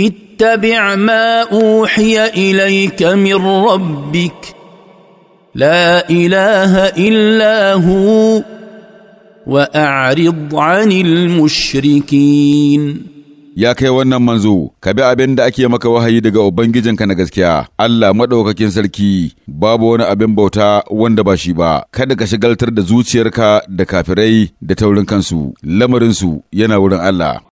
اتبع ما اوحي اليك من ربك لا اله الا هو واعرض عن المشركين ya kai wannan manzo ka bi abin da ake maka wahayi daga ubangijinka na gaskiya Allah maɗaukakin sarki babu wani abin bauta wanda ba shi ba kada ka shigaltar da zuciyarka da kafirai da taurin kansu lamarinsu yana wurin Allah